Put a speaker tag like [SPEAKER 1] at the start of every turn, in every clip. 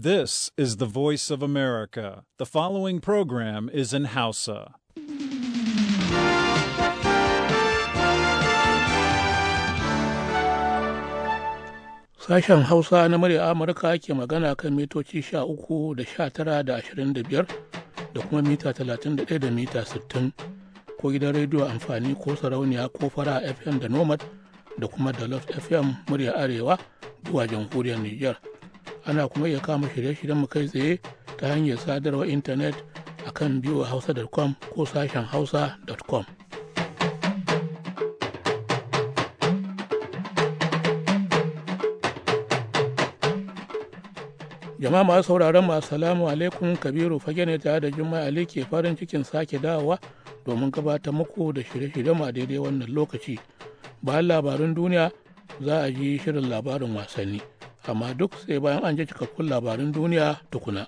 [SPEAKER 1] This is the voice of America. The following program is in Hausa.
[SPEAKER 2] Sashen Hausa na murya Amurka ke magana kan mitoci sha uku da sha da ashirin da biyar kuma mita talatin da mita sittin ko gidan rediyo amfani ko sarauniya ko fara FM da Nomad da kuma Dalot FM murya Arewa zuwa jamhuriyar Nijar. ana kuma iya kama shirye-shiryen mu kai tsaye ta hanyar sadarwar intanet a kan hausa.com ko sashen hausa.com jama'a masu sauraron mu assalamu alaikum kabiru fage ne tare da juma'a ali ke farin cikin sake dawowa domin gabatar muku da shirye shirye mu a daidai wannan lokaci bayan labarin duniya za a ji shirin labarin wasanni amma duk sai bayan an ji cikakkun labarin duniya tukuna.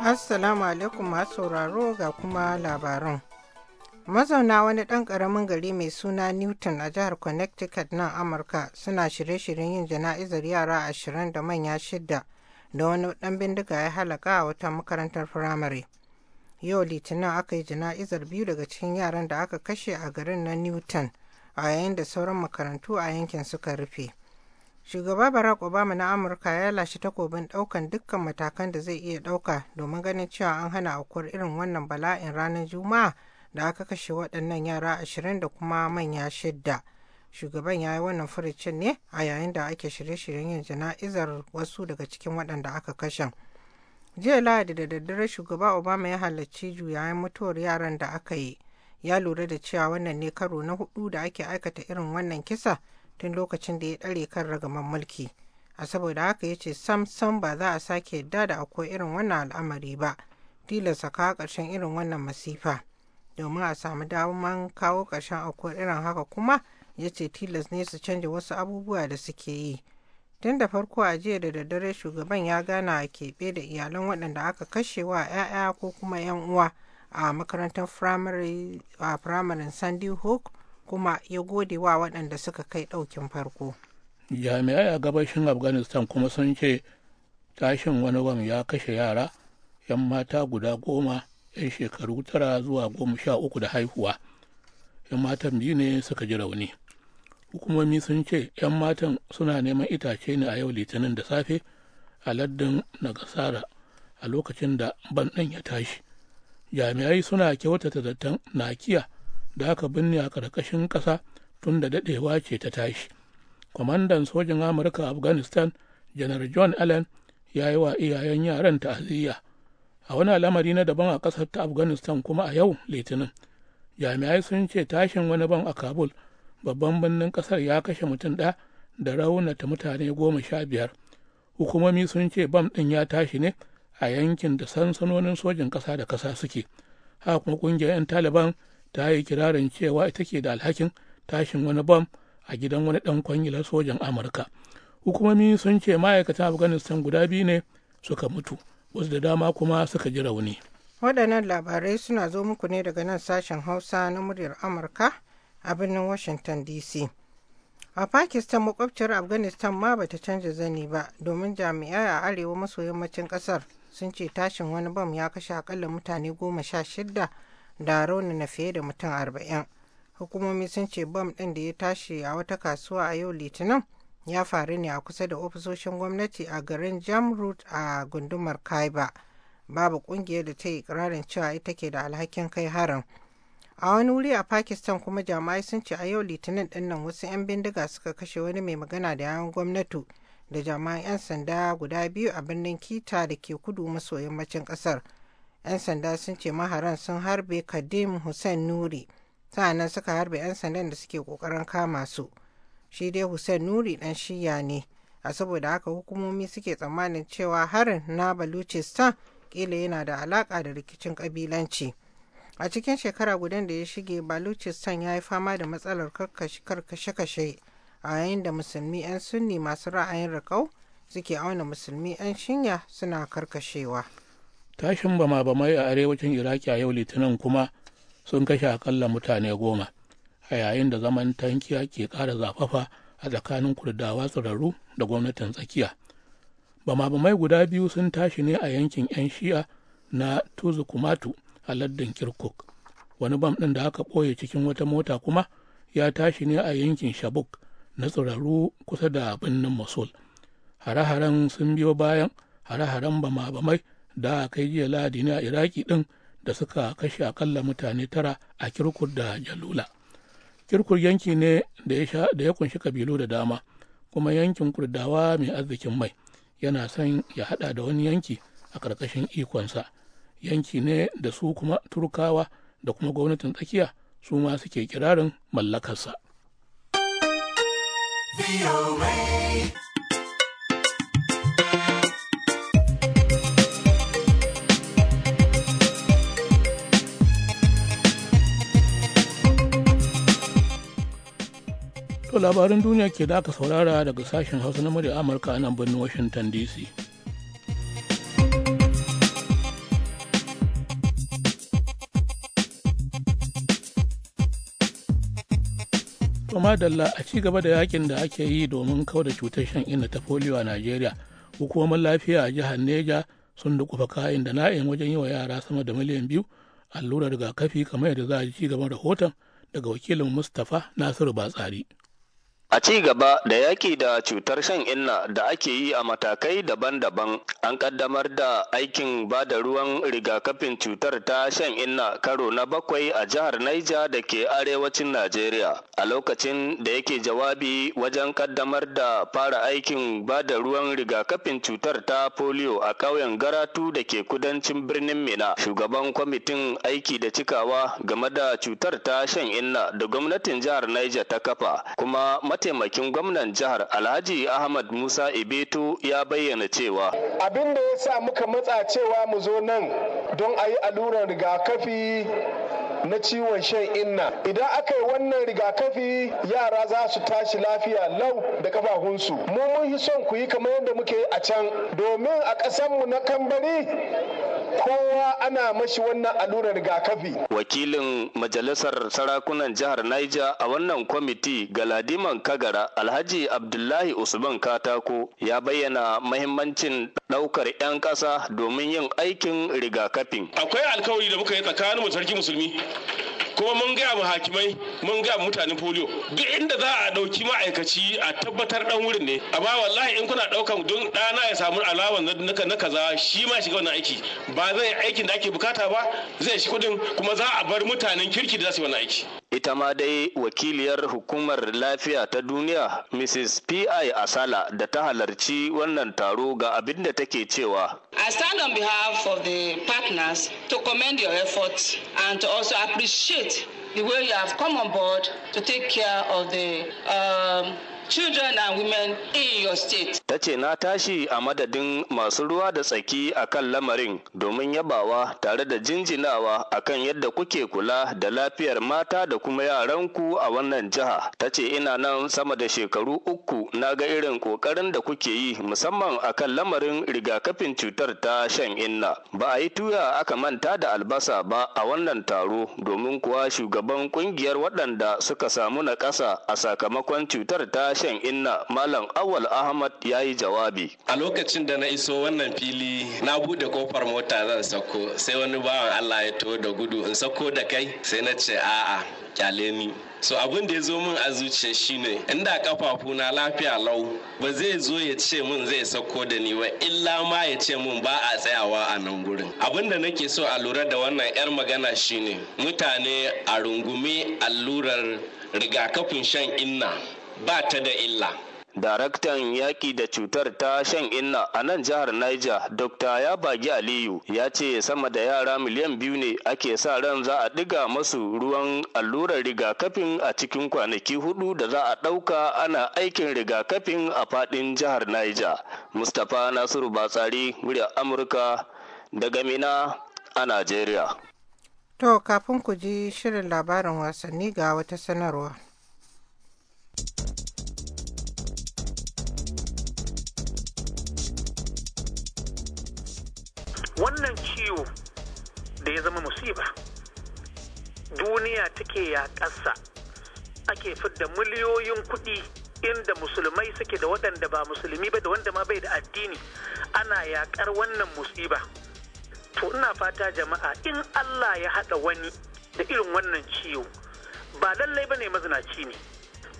[SPEAKER 3] Assalamu alaikum masu sauraro ga kuma labaran. Mazauna wani ɗan ƙaramin gari mai suna Newton a jihar Connecticut nan Amurka suna shirye-shiryen yin jana'izar yara ashirin da manya shidda da wani ɗan bindiga ya halaka a wata makarantar firamare. yau litinin aka yi jana'izar biyu daga cikin yaran da aka kashe a garin na newton a yayin da sauran makarantu a yankin suka rufe shugaba barack obama na amurka ya lashe takobin daukan dukkan matakan da zai iya dauka domin ganin cewa an hana aukuwar irin wannan bala'in ranar juma'a da aka kashe waɗannan yara ashirin da kuma manya shidda shugaban ya yi wannan furucin ne a yayin da ake shirye-shiryen yin jana'izar wasu daga cikin waɗanda aka kashe. jiya lahadi da daddare shugaba obama ya halarci juyayen mutuwar yaran da aka yi ya lura da cewa wannan ne karo na hudu da ake aikata irin wannan kisa tun lokacin da ya ɗare kan ragaman mulki a saboda haka ya ce sam sam ba za a sake yadda da akwai irin wannan al'amari ba tilasta kawo ƙarshen irin wannan masifa domin a samu daman kawo karshen akwai irin haka kuma ya ce tilas ne su canja wasu abubuwa da suke yi Tun da farko a jiya da daddare shugaban ya gana a keɓe da iyalan waɗanda aka kashe wa 'ya'ya ko kuma 'yan uwa a makarantar firamaren Sandy Hook kuma ya gode wa waɗanda suka kai ɗaukin farko.
[SPEAKER 2] Jami'ai a gabashin Afghanistan kuma sun ce tashin wani wam ya kashe yara 'yan mata guda goma 'yan shekaru tara zuwa goma sha uku da haihuwa. 'Yan matan biyu ne suka ji rauni. hukumomi sun ce 'yan matan suna neman itace ne a yau litinin da safe a laddin nagasara a lokacin da ban ya tashi jami'ai suna kyautata zaton nakiya da aka binne a ƙarƙashin ƙasa tun da daɗewa ce ta tashi kwamandan sojin amurka afghanistan janar john allen ya yi wa iyayen yaran ta'aziyya a wani al'amari na daban a ƙasar ta afghanistan kuma a yau litinin jami'ai sun ce tashin wani ban a kabul babban birnin kasar ya kashe mutum ɗaya da raunata mutane goma sha biyar hukumomi sun ce bam ɗin ya tashi ne a yankin da sansanonin sojin ƙasa da ƙasa suke haka kuma ƙungiyar 'yan taliban ta yi kirarin cewa ita ke da alhakin tashin wani bam a gidan wani ɗan kwangilar sojan amurka hukumomi sun ce ma'aikatan afghanistan guda biyu ne suka mutu wasu da dama kuma suka ji rauni
[SPEAKER 3] waɗannan labarai suna zo muku ne daga nan sashen hausa na muryar amurka a birnin washington dc a pakistan makwabciyar afghanistan ma bata canza zani ba domin jami'ai a arewa maso yammacin kasar sun ce tashin wani bam ya kashe akalla mutane goma sha shida da na fiye da mutum arba'in hukumomi sun ce bam ɗin da ya tashi a wata kasuwa a yau litinin ya faru ne a kusa da ofisoshin gwamnati a garin jam root a gundumar kaiba babu kungiyar da ta yi ikirarin cewa ita ke da alhakin kai harin a wani wuri a pakistan kuma jama'ai sun ce a yau litinin dinnan wasu 'yan bindiga suka kashe wani mai magana da yawon gwamnati da jama'an 'yan sanda guda biyu a birnin kita da ke kudu maso yammacin kasar 'yan sanda sun ce maharan sun harbe kadim hussein nuri sa'annan suka harbe 'yan sandan da suke kokarin kama su shi dai hussein nuri dan shiya ne a saboda haka hukumomi suke tsammanin cewa harin na baluchistan kila yana da alaka da rikicin kabilanci a cikin shekara gudan da ya shige baluchistan ya yi fama da matsalar karkashe-karkashe a yayin da musulmi 'yan sunni masu ra'ayin rakau suke auna musulmi 'yan shinya suna karkashewa
[SPEAKER 2] tashin bama bamai a arewacin iraki a yau litinin kuma sun kashe akalla mutane goma a yayin da zaman tankiya ke ƙara zafafa a tsakanin kurdawa tsararru da gwamnatin tsakiya bama bamai guda biyu sun tashi ne a yankin 'yan shi'a na tuzukumatu a lardin kirkuk wani bam ɗin da aka ɓoye cikin wata mota kuma ya tashi ne a yankin shabuk na tsiraru kusa da birnin mosul hare-haren sun biyo bayan hare-haren bama-bamai da aka yi jiya lahadi ne a iraki ɗin da suka kashe akalla mutane tara a kirkur da jalula kirkuk yanki ne da ya kunshi kabilu da dama kuma yankin kurdawa mai arzikin mai yana son ya hada da wani yanki a ƙarƙashin ikonsa yanki ne da su kuma turkawa da kuma gwamnatin tsakiya su ma suke kirarin mallakarsa To labarin duniya ke da aka saurara daga sashen hausa na murya amurka a nan birnin washington dc madalla a ci gaba da yakin da ake yi domin da cutar shan inna ta foliyo a najeriya hukumar lafiya a jihar neja sun dukufa kayan da na'in wajen yi wa yara sama da miliyan biyu allurar rigakafi kamar yadda za a ci gaban rahoton daga wakilin mustapha nasiru batsari
[SPEAKER 4] A ci gaba da yaƙi da cutar shan inna da ake yi a matakai daban-daban, an ƙaddamar da aikin ba da ruwan rigakafin cutar ta shan inna karo na bakwai a jihar Naija da ke arewacin Najeriya. A lokacin da yake jawabi wajen ƙaddamar da fara aikin ba da ruwan rigakafin cutar ta polio a ƙauyen Garatu da ke kudancin birnin Mina, shugaban kwamitin aiki da cikawa game da cutar ta shan inna da gwamnatin jihar Naija ta kafa, kuma mataimakin gwamnan jihar Alhaji Ahmad Musa Ibeto ya bayyana cewa. Abin da ya sa muka matsa cewa mu zo nan don a yi allurar rigakafi na ciwon shan inna idan aka yi wannan rigakafi yara za su tashi lafiya lau da kafafunsu mu mun yi son ku yi kamar yadda muke yi a can domin a ƙasanmu na kambari kowa ana mashi wannan allurar rigakafi wakilin majalisar sarakunan jihar niger a wannan kwamiti galadiman Kagara Alhaji Abdullahi Usman Katako ya bayyana mahimmancin ɗaukar 'yan kasa domin yin aikin rigakafin. Akwai alkawari da muka yi tsakanin sarki musulmi kuma mun gaya mu hakimai mun gaya mu mutanen polio duk inda za a ɗauki ma'aikaci a tabbatar ɗan wurin ne amma wallahi in kuna ɗaukan don dana ya samu alawan na kaza shi ma shiga wannan aiki ba zai aikin da ake bukata ba zai shi kuɗin kuma za a bar mutanen kirki da za su yi wannan aiki. ita ma dai wakiliyar hukumar lafiya ta duniya mrs pi asala da ta halarci wannan taro ga abin da take cewa i stand on behalf of the partners to commend your efforts and to also appreciate the way you have come on board to take care of the um, children and women in your state. Ta ce na tashi a madadin masu ruwa da tsaki a kan lamarin domin yabawa tare da jinjinawa a kan yadda kuke kula da lafiyar mata da kuma yaranku a wannan jiha. Ta ce ina nan sama da shekaru uku na ga irin ƙoƙarin da kuke yi musamman a kan lamarin rigakafin cutar ta shan inna. Ba a yi tuya aka manta da albasa ba a wannan taro domin kuwa shugaban ƙungiyar waɗanda suka samu na ƙasa a sakamakon cutar ta reshen inna Malam Awal Ahmad ya yi jawabi. A lokacin da na iso wannan fili na bude kofar mota zan sako sai wani bawan Allah ya to da gudu in sako da kai sai na ce a'a kyale ni. so abin da ya zo min a zuciya shine inda kafafuna lafiya lau ba zai zo ya ce min zai sako da ni ba illa ma ya ce min ba a tsayawa a nan gurin abin da nake so a lura da wannan yar magana shine mutane a rungumi allurar rigakafin shan inna ba ta da illa Daraktan yaƙi da cutar ta shan inna a nan jihar Niger, Dr. Yabagi Aliyu, ya ce sama da yara miliyan biyu ne ake sa ran za a ɗiga masu ruwan allurar rigakafin a cikin kwanaki hudu da za a ɗauka ana aikin rigakafin a faɗin jihar Niger. Mustapha Nasiru Batsari, muryar Amurka, daga Mina a Najeriya.
[SPEAKER 3] To, kafin ku ji shirin labarin wasanni ga wata sanarwa.
[SPEAKER 5] wannan ciwo da ya zama musiba duniya take ya ƙasa ake fidda miliyoyin kuɗi inda musulmai suke da waɗanda ba musulmi ba da wanda ma bai da addini ana yaƙar wannan musiba to ina fata jama'a in Allah ya haɗa wani da irin wannan ciwo ba lallai ba ne mazinaci ne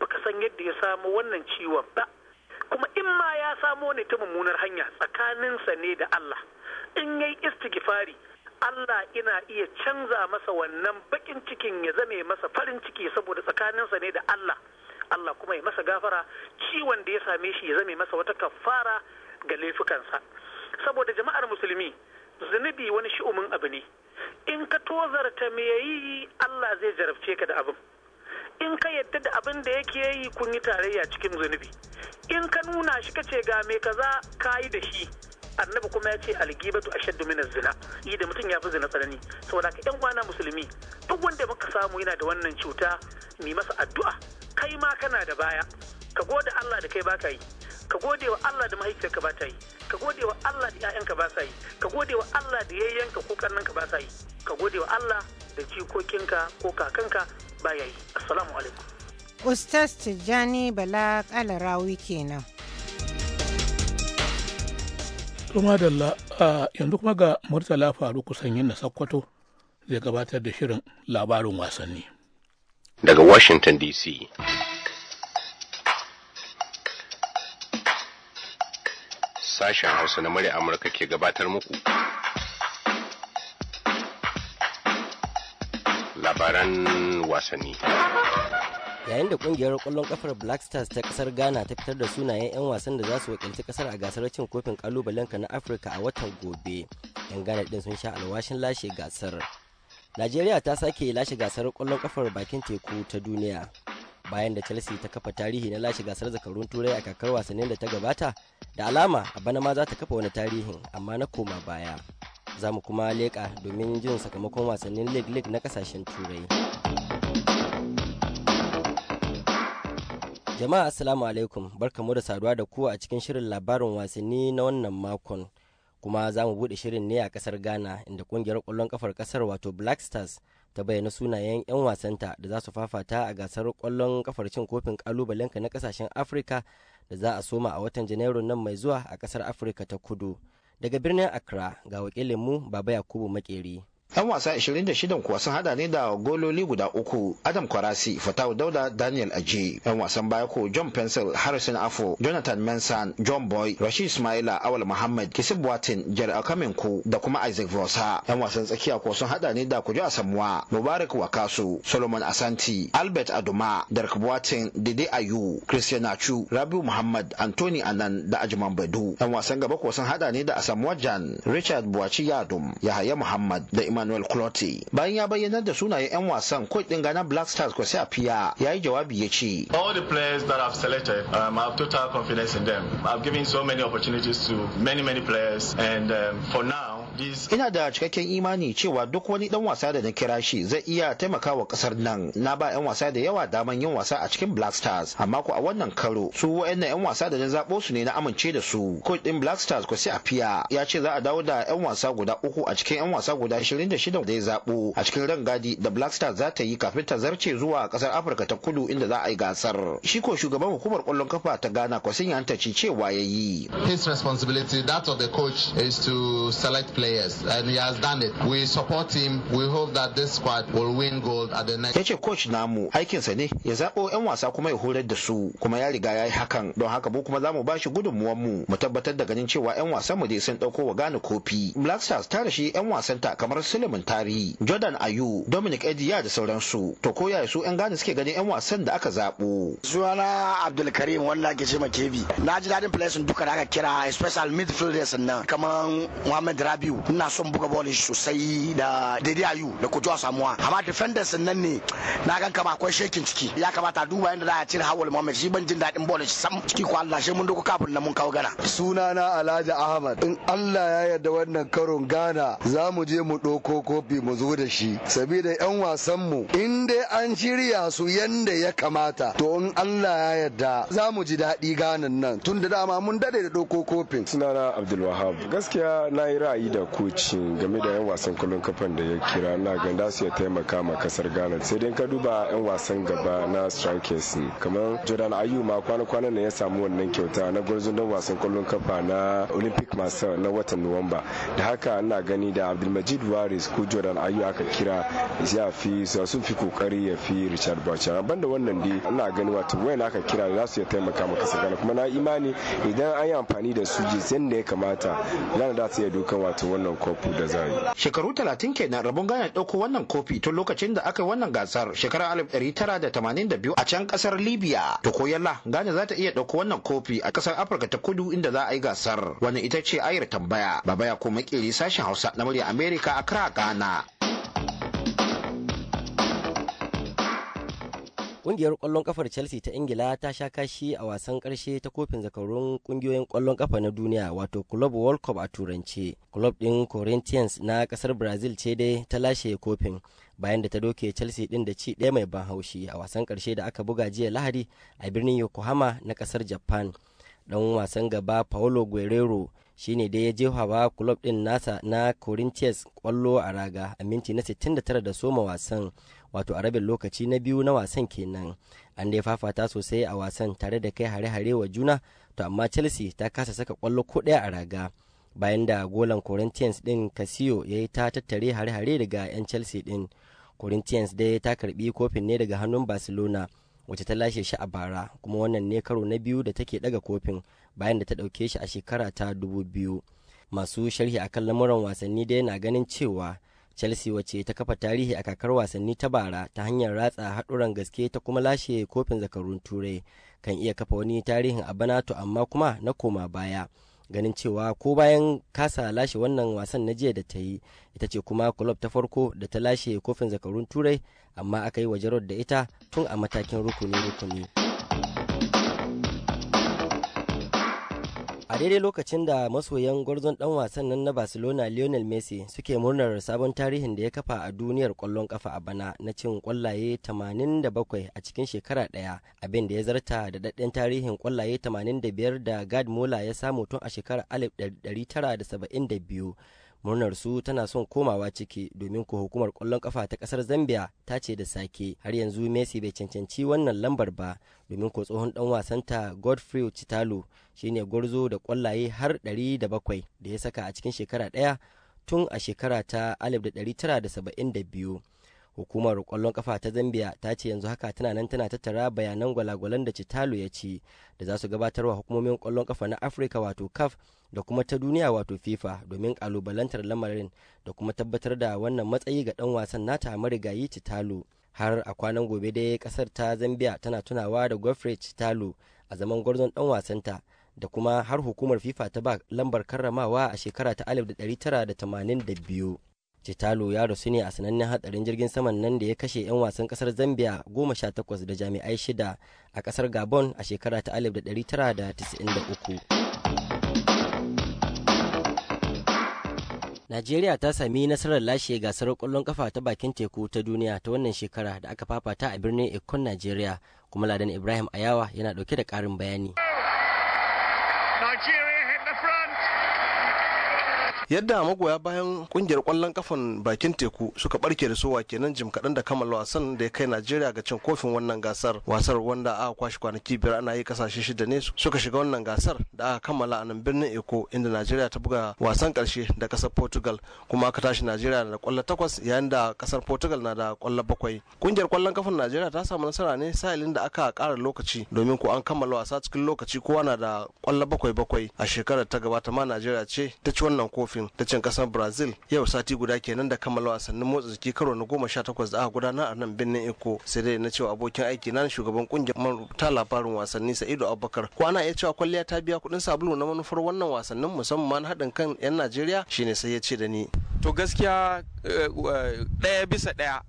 [SPEAKER 5] baka san yadda ya samu wannan ciwon ba kuma in ma ya samo ne ta mummunar hanya tsakaninsa ne da Allah in yayi istighfari Allah ina iya canza masa wannan bakin cikin ya zame masa farin ciki saboda tsakaninsa ne da Allah Allah kuma ya masa gafara ciwon da ya same shi ya zame masa wata kafara ga laifukansa saboda jama'ar musulmi zunubi wani shi'umin abu ne in ka tozarta me yayi Allah zai jarabce ka da abin in ka yadda da abin da yake yi kun yi tarayya cikin zunubi in ka nuna shi ka ce ga me kaza ka yi da shi annabi kuma ya ce algibatu ashaddu min zina yi da mutum ya fi zina tsanani saboda ka yan kwana musulmi duk wanda muka samu yana da wannan cuta mi masa addu'a kai ma kana da baya ka gode Allah da kai baka yi ka gode wa Allah da mahaifiyarka ba ta yi ka gode wa Allah da 'ya'yanka ba sa yi ka gode wa Allah da yayyanka ko karnanka ba sa yi ka gode wa Allah da jikokinka ko kakanka
[SPEAKER 3] ustaz tijjani bala kalarawi kenan kuma da
[SPEAKER 2] yanzu kuma ga murtala faru kusan yin na sakkwato zai gabatar da shirin labarin wasanni
[SPEAKER 4] daga washington dc sashen hausa na mare amurka ke gabatar muku labaran wasanni.
[SPEAKER 1] yayin da kungiyar kwallon kafar black stars ta kasar ghana ta fitar da sunayen 'yan wasan da za su wakilci kasar a gasar cin kofin ka na afirka a watan gobe yan ghana din sun sha alwashin lashe gasar najeriya ta sake lashe gasar kwallon kafar bakin teku ta duniya bayan da chelsea ta kafa tarihi na lashe gasar zakarun turai a kakar wasannin da ta gabata da alama a bana ma za ta kafa wani tarihin amma na koma baya za mu kuma leƙa domin jin sakamakon wasannin league league na kasashen turai jama'a assalamu alaikum barkamu da saduwa da ku a cikin shirin labarin wasanni na wannan makon kuma za mu buɗe shirin ne a ƙasar ghana inda ƙungiyar ƙwallon ƙafar ƙasar wato black stars ta bayyana sunayen 'yan wasanta da za su fafata a gasar ƙwallon ƙafar cin kofin ƙalubalenka na ƙasashen afirka da za a soma a watan janairun nan mai zuwa a ƙasar afirka ta kudu Daga birnin Accra ga wakilinmu Baba Yakubu Makeri.
[SPEAKER 6] 'yan wasa 26 kuwa sun hada ne da gololi guda uku adam kwarasi fatawu dauda daniel aje 'yan wasan baya ko john pencil harrison afo jonathan mensan john boy rashid ismaila awal muhammad kisib watin jar akaminku da kuma isaac vosa 'yan wasan tsakiya kuwa sun hada ne da kujo asamuwa mubarak wakasu solomon asanti albert aduma dark watin Dede ayu christian nachu rabiu muhammad anthony anan da ajman badu 'yan wasan gaba kuwa sun hada ne da asamuwa jan richard buwaci yadum yahaya muhammad da iman Emmanuel Clotti. Bayan ya bayyanar da sunayen 'yan wasan coach din Ghana Black Stars Kwesi Apia ya yi jawabi ya ce.
[SPEAKER 4] All the players that I've selected, um, I have total confidence in them. I've given so many opportunities to many many players and um, for now
[SPEAKER 6] Ina da cikakken imani cewa duk wani dan wasa da na kira shi zai iya taimakawa kasar nan. Na ba 'yan wasa da yawa daman yin wasa a cikin Black Stars, amma ko a wannan karo su wa'annan 'yan wasa da na zabo su ne na amince da su. Coach din Black Stars a Afiya ya ce za a dawo da 'yan wasa guda uku a cikin 'yan wasa guda 26 da ya zabo a cikin rangadi da Black Stars za ta yi kafin ta zarce zuwa kasar Afirka ta Kudu inda za a yi gasar. Shi ko shugaban hukumar kwallon kafa ta Ghana Kwasin Yantaci cewa yayi.
[SPEAKER 7] His responsibility that of the coach is to select players players and he has done it. We support him. We hope that this squad will win gold at the next.
[SPEAKER 6] Yace coach namu aikinsa ne ya zabo 'yan wasa kuma ya horar da su kuma ya riga ya yi hakan don haka mu kuma zamu bashi gudunmuwan mu mu tabbatar da ganin cewa 'yan wasan mu dai sun dauko wa gane kofi. Black Stars ta rashi 'yan wasan ta kamar Suleiman Tari, Jordan Ayu, Dominic Ediya da sauran su To ko yaya su 'yan gane suke ganin 'yan wasan da aka zabo. Sunana Abdulkarim wallahi ke ce ma Kebi. Na ji dadin players duka da aka kira special midfielders nan kamar Muhammad Rabiu ina son buga bolin sosai da daidai ayu da kutuwa samuwa amma defenders nan ne na gan kama akwai shekin ciki ya kamata duba yadda za a cire hawal muhammad shi ban jin daɗin bolin sam ciki ko allah shi mun doko kafin nan mun kawo gana
[SPEAKER 7] sunana alhaji ahmad in allah ya yarda wannan karon gana za mu je mu ɗauko kofi mu zo da shi sabida yan wasan mu, in dai an shirya su yanda ya kamata to in allah ya yarda za mu ji daɗi ganan nan tun da dama mun dade da ɗauko kofin sunana abdulwahab gaskiya na yi
[SPEAKER 4] ra'ayi da koci game da 'yan wasan kwallon kafan da ya kira na ganda su ya taimaka ma kasar ghana sai dai ka duba 'yan wasan gaba na strikers kamar jordan ayu ma kwana-kwanan na ya samu wannan kyauta na gwarzon don wasan kwallon kafa na olympic master na watan nuwamba da haka ana gani da abdulmajid waris ko jordan ayu aka kira ya fi sun fi kokari ya fi richard bauchi banda wannan dai ana gani wato wayan aka kira za su ya taimaka ma kasar ghana kuma na imani idan an yi amfani da su jisen da ya kamata ghana za su iya dukan wato wannan kofi da za yi. Shekaru talatin kenan rabon Ghana ɗauko wannan kofi tun lokacin da aka yi wannan
[SPEAKER 6] gasar shekarar alif ɗari tara da tamanin da biyu a can ƙasar Libya. To ko yalla Ghana za ta iya ɗauko wannan kofi a ƙasar Afirka ta kudu inda za a yi gasar. Wani ita ce ayar tambaya. Baba ya ko makeri sashen Hausa na murya Amerika a kira Ghana.
[SPEAKER 1] kungiyar ƙwallon kafar Chelsea ta Ingila ta sha kashi a wasan karshe ta kofin zakarun ƙungiyoyin kwallon kafa na duniya wato Club World Cup a turance. Club ɗin Corinthians na kasar Brazil ce dai ta lashe kofin bayan da ta doke Chelsea din da ci ɗaya mai ban haushi a wasan karshe da aka buga jiya Lahadi a birnin Yokohama na kasar Japan. dan wasan gaba Paolo Guerrero shine dai ya jefa club din nasa na Corinthians kwallo a raga a minti na 69 da soma wasan wato a rabin lokaci na biyu na wasan kenan an dai fafata sosai a wasan tare da kai hare-hare wa juna to amma chelsea ta kasa saka kwallo ko daya a raga bayan da golan corinthians din casio ya yi ta tattare hare-hare daga 'yan chelsea din corinthians dai ta karbi kofin ne daga hannun barcelona wacce ta lashe shi a bara kuma wannan ne karo na biyu da take daga kofin bayan da ta dauke shi a shekara ta dubu biyu masu sharhi akan lamuran wasanni dai na ganin cewa Chelsea wacce ta kafa tarihi a kakar wasanni ta bara ta hanyar ratsa haɗuran gaske ta kuma lashe kofin zakarun turai kan iya kafa wani tarihin a bana to amma kuma na koma baya. ganin cewa ko bayan kasa lashe wannan wasan na jiya da ta yi ita ce kuma kulob ta farko da ta lashe kofin zakarun turai amma aka yi wa da ita tun a matakin rukuni rukuni. a daidai lokacin da masoyan gwarzon dan wasan nan na barcelona lionel messi suke murnar sabon tarihin da ya kafa a duniyar kwallon kafa a bana na cin kwallaye 87 a cikin shekara daya abin da ya zarta da daɗin tarihin kwallaye 85 da gad mola ya samu tun a shekarar 1972 murnar su tana son komawa ciki domin ko hukumar kwallon kafa ta kasar zambia ta ce da sake har yanzu messi bai cancanci wannan lambar ba domin ko tsohon dan wasanta godfrey chitalo shine gwarzo da kwallaye har 700 da ya saka a cikin shekara daya tun a shekara ta 1972 hukumar kwallon kafa ta zambia ta ce yanzu haka tana nan tana tattara bayanan gwalagwalan da citalo ya ci da za su gabatarwa hukumomin kwallon kafa na afirka wato caf da kuma ta duniya wato fifa domin kalubalantar lamarin da kuma tabbatar da wannan matsayi ga dan wasan nata marigayi citalo har a kwanan gobe dai kasar ta zambia tana tunawa da godfrey citalo a zaman gwarzon dan wasanta da kuma har hukumar fifa ta ba lambar karramawa a shekara ta 1982 Citalu ya rasu ne a sanannen hatsarin jirgin saman nan da ya kashe 'yan wasan kasar Zambia goma sha takwas da jami'ai shida a kasar Gabon a shekara ta alif da 1993. Najeriya ta sami nasarar lashe gasar kwallon kafa ta bakin teku ta duniya ta wannan shekara da aka fafata a birnin ekon Najeriya kuma Ladan Ibrahim Ayawa yana ɗauke da karin bayani.
[SPEAKER 7] yadda magoya bayan kungiyar kwallon kafan bakin teku suka barke da sowa kenan jim kaɗan da kammala wasan da ya kai najeriya ga cin kofin wannan gasar wasar wanda aka kwashi kwanaki biyar ana yi kasashe shida ne suka shiga wannan gasar da aka kammala a nan birnin eko inda najeriya ta buga wasan karshe da kasar portugal kuma aka tashi najeriya da kwallo takwas yayin da kasar portugal na da kwallo bakwai kungiyar kwallon kafan najeriya ta samu nasara ne sa'ilin da aka kara lokaci domin ko an kammala wasa cikin lokaci kowa na da kwallo bakwai bakwai a shekarar ta gabata ma najeriya ce ta ci wannan kofin kofin ta can kasar brazil yau sati guda kenan da kammala wasannin motsa jiki karo na goma sha takwas da aka gudanar a nan birnin eko sai dai na cewa abokin aiki na shugaban kungiyar marubuta labarin wasanni sa'idu abubakar kwana ya cewa kwalliya ta biya kuɗin sabulu na manufar wannan wasannin musamman haɗin kan 'yan najeriya shine sai ya ce da ni to gaskiya eh, ɗaya bisa ɗaya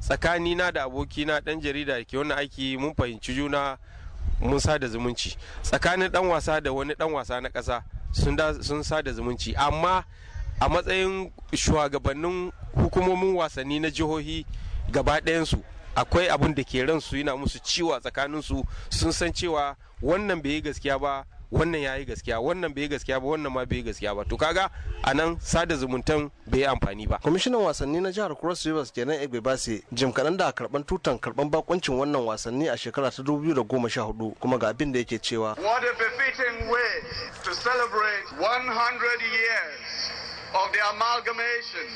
[SPEAKER 7] tsakanina da abokina ɗan jarida da ke wannan aiki mun fahimci juna mun da zumunci tsakanin ɗan wasa da wani ɗan wasa na ƙasa sun sada zumunci amma a matsayin shugabannin hukumomin wasanni na jihohi gaba ɗayansu akwai abin da ke ransu yana musu ciwo tsakaninsu sun san cewa wannan bai yi gaskiya ba wannan ya yi gaskiya wannan bai gaskiya ba wannan ma bai gaskiya ba to kaga a nan sada zumuntan bai yi amfani ba kwamishinan wasanni na jihar cross rivers kenan egbe base jim kaɗan da karban tutan karban bakuncin wannan wasanni a shekara ta 2014 kuma ga abin da yake cewa what a befitting way to celebrate 100 years of the amalgamation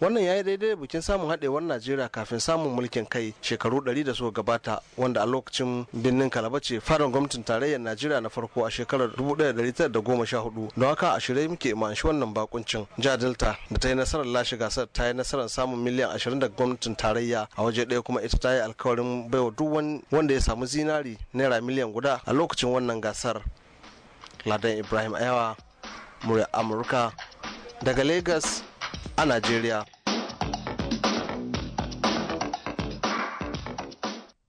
[SPEAKER 7] Wannan ya yi daidai da bikin samun haɗewar Najeriya kafin samun mulkin kai shekaru ɗari da suka gabata wanda a lokacin birnin Kalaba ce farin gwamnatin tarayyar Najeriya na farko a shekarar 1914 don haka a shirye muke shi wannan bakuncin. jihar Delta da ta yi nasarar lashe gasar ta yi nasarar samun miliyan 20 daga gwamnatin tarayya a waje ɗaya kuma ita ta yi alkawarin baiwa duk wanda ya samu zinari naira miliyan guda a lokacin wannan gasar. Ladan Ibrahim Ayawa, murya Amurka, daga Lagos a Najeriya.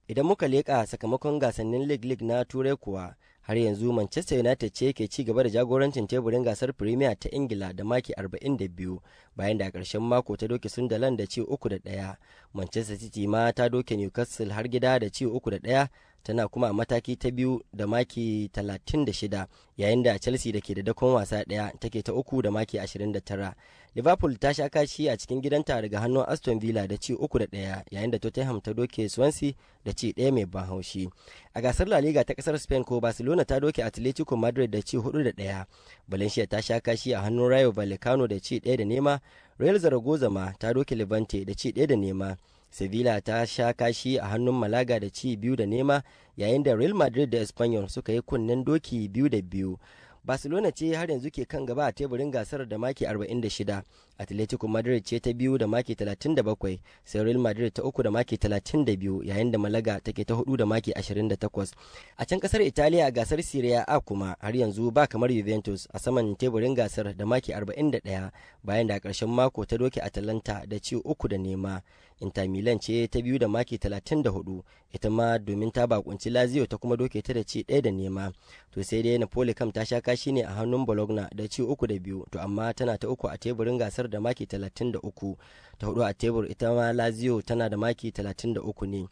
[SPEAKER 1] Idan muka leƙa sakamakon gasannin League League na Turai kuwa har yanzu Manchester United ce ke ci gaba da jagorancin teburin gasar Premier ta Ingila da maki 42 bayan da a ƙarshen mako ta doke Sunderland da ci 3 da 1. Manchester City ma ta doke Newcastle har gida da ci 3 da 1 tana kuma a mataki ta biyu da maki 36 yayin da chelsea da ke da dakon wasa daya take ta uku da maki 29 liverpool ta sha kashi a cikin gidanta daga hannun aston villa da ci uku da daya yayin da tottenham ta doke swansea da ci daya mai ban haushi a gasar la liga ta kasar spain ko barcelona ta doke atletico madrid da ci hudu da daya valencia ta sha kashi a hannun rayo vallecano da ci daya da nema real zaragoza ma ta doke levante da ci daya da nema sevilla ta sha kashi a hannun malaga da ci biyu da nema yayin da real madrid da espanyol suka yi kunnen doki biyu da biyu barcelona ce har yanzu ke kan gaba a teburin gasar da maki 46 atletico madrid ce ta biyu da maki 37 sai real madrid ta uku da maki 32 yayin da malaga take ta hudu da maki 28 a can kasar italiya gasar serie a kuma har yanzu ba kamar juventus a saman teburin gasar da maki 41 bayan da a karshen mako ta doke atalanta da ci uku da nema inter milan ce ta biyu da maki 34 ita ma domin ta bakunci lazio ta kuma doke ta da ci ɗaya da nema to sai dai napoli kam ta sha kashi ne a hannun bologna da ci uku da biyu to amma tana ta uku a teburin gasar kasar da maki 33 ta hudu a tebur ita ma lazio tana da maki 33 ne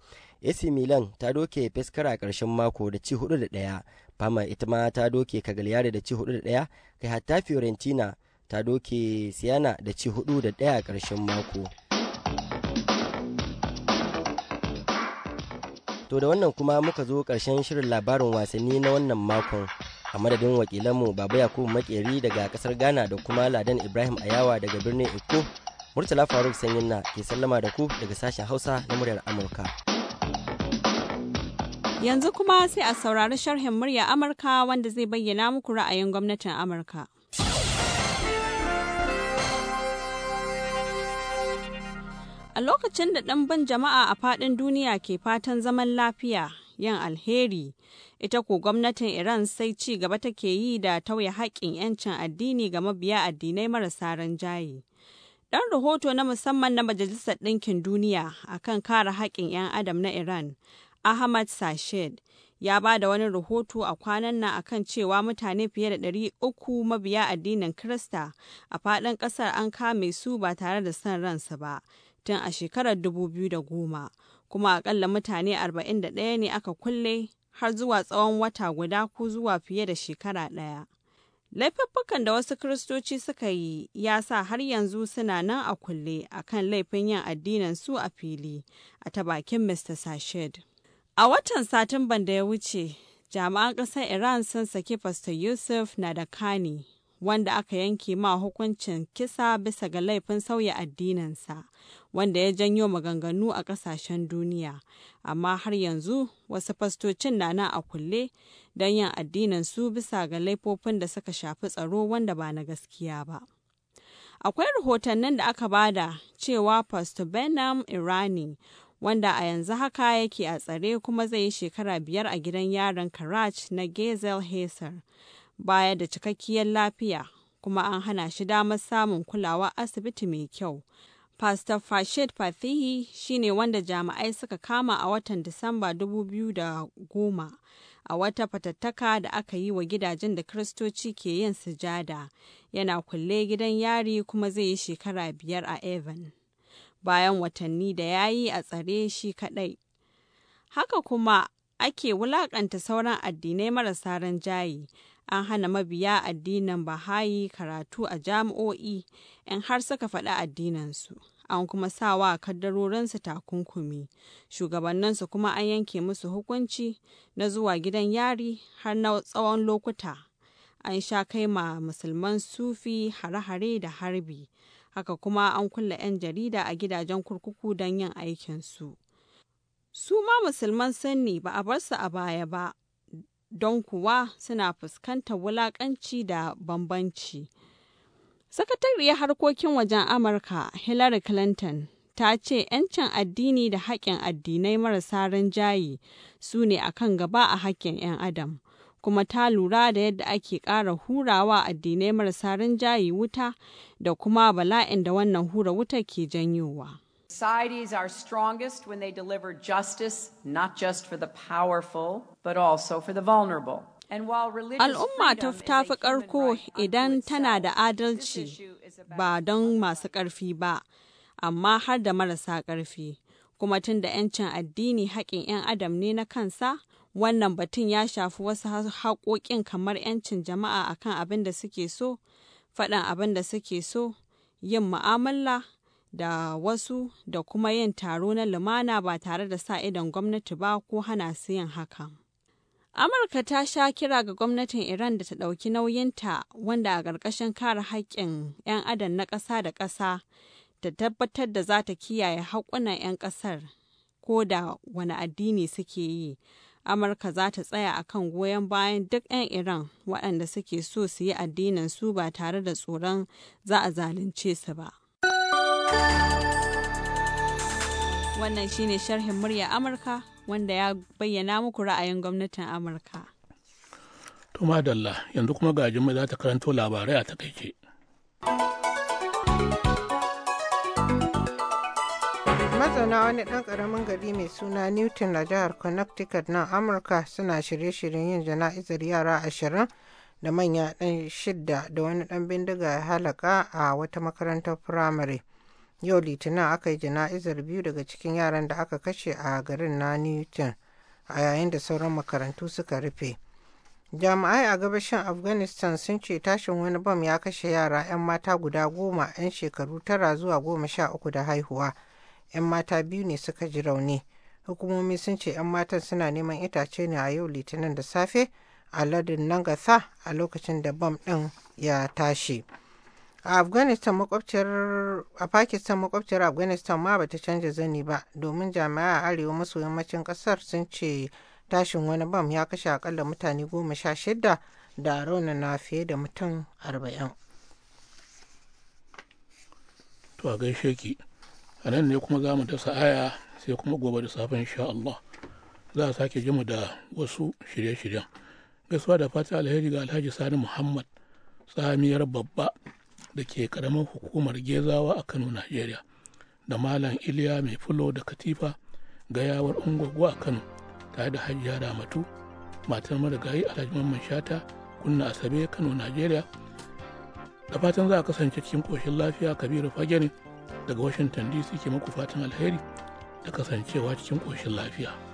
[SPEAKER 1] AC Milan ta doke Pescara a ƙarshen mako da ci hudu da ɗaya, Parma ita ma ta doke Cagliari da ci hudu da ɗaya, kai hatta Fiorentina ta doke Siena da ci hudu da ɗaya a ƙarshen mako. To da wannan kuma muka zo ƙarshen shirin labarin wasanni na wannan makon. a madadin wakilanmu baba yakubu makeri daga kasar ghana da kuma ladan ibrahim ayawa daga birnin eko murtala faruk sanyin na ke sallama da ku daga sashen hausa na muryar amurka
[SPEAKER 8] yanzu kuma sai a saurari sharhin murya amurka wanda zai bayyana muku ra'ayin gwamnatin amurka a lokacin da ɗanban jama'a a faɗin duniya ke fatan zaman lafiya yin alheri ita ko gwamnatin iran sai ci gaba take yi da tauye haƙƙin 'yancin addini ga mabiya addinai marasa ranjaye 'dan rahoto na musamman na majalisar ɗinkin duniya akan kare haƙƙin 'yan adam na iran ahmad sashed ya ba da wani rahoto a kwanan nan akan cewa mutane fiye da ɗari uku mabiya addinin Kirista a faɗin ƙasar an kame su ba tare da son ransa ba tun a shekarar 2010 kuma akalla mutane 41 ne aka kulle har zuwa tsawon wata guda ko zuwa fiye da shekara ɗaya. Laifuffukan da wasu Kiristoci suka yi ya sa har yanzu suna nan a kulle a kan laifin yin addinin su a fili a ta bakin Mr. Sashed. A watan Satumban da ya wuce, jami'an ƙasar Iran sun saki Pastor Yusuf na da Nadakani wanda aka yanke ma hukuncin kisa bisa ga laifin sauya addininsa wanda ya janyo maganganu a kasashen duniya amma har yanzu wasu fastocin na nan a kulle don yin addininsu bisa ga laifofin da suka shafi tsaro wanda ba na gaskiya ba akwai rahotannin da aka bada cewa pastor benham irani wanda a yanzu haka yake a tsare kuma zai yi shekara biyar a gidan yaron karaj na gezel hesar baya da cikakkiyar lafiya kuma an hana shi damar samun kulawa asibiti mai kyau. Pastor Fashid Fatihi shine wanda jami'ai suka kama a watan Disamba 2010 a wata fatattaka da aka yi wa gidajen da Kiristoci ke yin sujada. Yana kulle gidan yari kuma zai yi shekara biyar a Evan. Bayan watanni da ya yi a tsare shi kaɗai. Haka kuma ake wulaƙanta sauran addinai marasa jayi. an hana mabiya addinin Bahayi karatu a jami'o'i in har suka faɗi addinansu. An kuma sawa kaddarorinsu takunkumi, shugabanninsu kuma an yanke musu hukunci na zuwa gidan yari har na tsawon lokuta. An sha kai ma musulman sufi hare-hare da harbi, haka kuma an kulle 'yan jarida a gidajen kurkuku don yin aikinsu. Su ma musulman sanni ba a bar su a baya ba. don kuwa suna fuskantar wulakanci da bambanci. Sakatariyar harkokin wajen Amurka Hillary Clinton ta ce 'yancin addini da haƙƙin addinai marasa rinjaye su ne a kan gaba a haƙƙin 'yan adam, kuma ta lura da yadda ake ƙara hurawa addinai marasa rinjaye wuta da kuma bala'in da wannan hura wuta ke janyowa. Societies are strongest when they deliver justice, not just for the powerful, but also for the vulnerable. Al'umma ta fi ƙarko idan tana da adalci ba don masu ƙarfi ba, amma har da marasa ƙarfi. Kuma tun da 'yancin addini haƙƙin 'yan adam ne na kansa, wannan batun ya shafi wasu haƙoƙin kamar 'yancin jama'a akan abin da suke so, faɗin abin da suke so, yin mu'amala da wasu da kuma yin taro na lumana ba tare da sa idon gwamnati ba ko hana su yin hakan. Amurka ta sha kira ga gwamnatin Iran da ta ɗauki nauyinta wanda a ƙarƙashin kare haƙƙin 'yan adam na ƙasa da ƙasa ta tabbatar da za ta kiyaye haƙƙunan 'yan ƙasar ko da wani addini suke yi. Amurka za ta tsaya a kan goyon bayan duk 'yan Iran waɗanda suke so su yi addinin su ba tare da tsoron za a zalunce su ba. Wannan shi ne sharhin murya Amurka wanda ya bayyana muku ra'ayin gwamnatin Amurka.
[SPEAKER 2] To madalla yanzu kuma ga Jummai za ta karanto labarai a takaice.
[SPEAKER 3] mazauna wani ɗan ƙaramin gari mai suna newton a jihar connecticut na amurka suna shirye-shiryen yin jana'izar yara ashirin da manya ɗan shidda da wani ɗan bindiga ya halaka a wata makarantar firamare yau litinin aka yi jana'izar biyu daga cikin yaran da aka kashe a garin na newton a yayin da sauran makarantu suka rufe jami'ai a gabashin afghanistan sun ce tashin wani bam ya kashe yara 'yan mata guda goma 'yan shekaru tara zuwa goma sha uku da haihuwa 'yan mata biyu ne suka ji rauni hukumomi sun ce 'yan matan suna neman itace ne a yau litinin da safe a ladin nangatha a lokacin da bam ɗin ya tashi. a afghanistan makwabciyar a pakistan makwabciyar afghanistan ma bata canza zani ba domin jami'a a arewa maso yammacin kasar sun ce tashin wani bam ya kashe akalla mutane goma sha shida da raunana fiye da mutum arba'in
[SPEAKER 2] to a gaishe ki a nan ne kuma zamu mu dasa aya sai kuma gobe da safe insha Allah za a sake jimu da wasu shirye-shiryen gaisuwa da fata alheri ga alhaji sani muhammad tsamiyar babba da ke karamar hukumar gezawa a kano najeriya da malam iliya mai fulo da katifa gayawar ungwagwa a kano tare da hajiya ramatu matar marigayi alhaji mamman shata kunna asabe kano najeriya da fatan za a kasance cikin koshin lafiya kabiru fageni daga washington dc ke muku fatan alheri da kasancewa cikin koshin lafiya.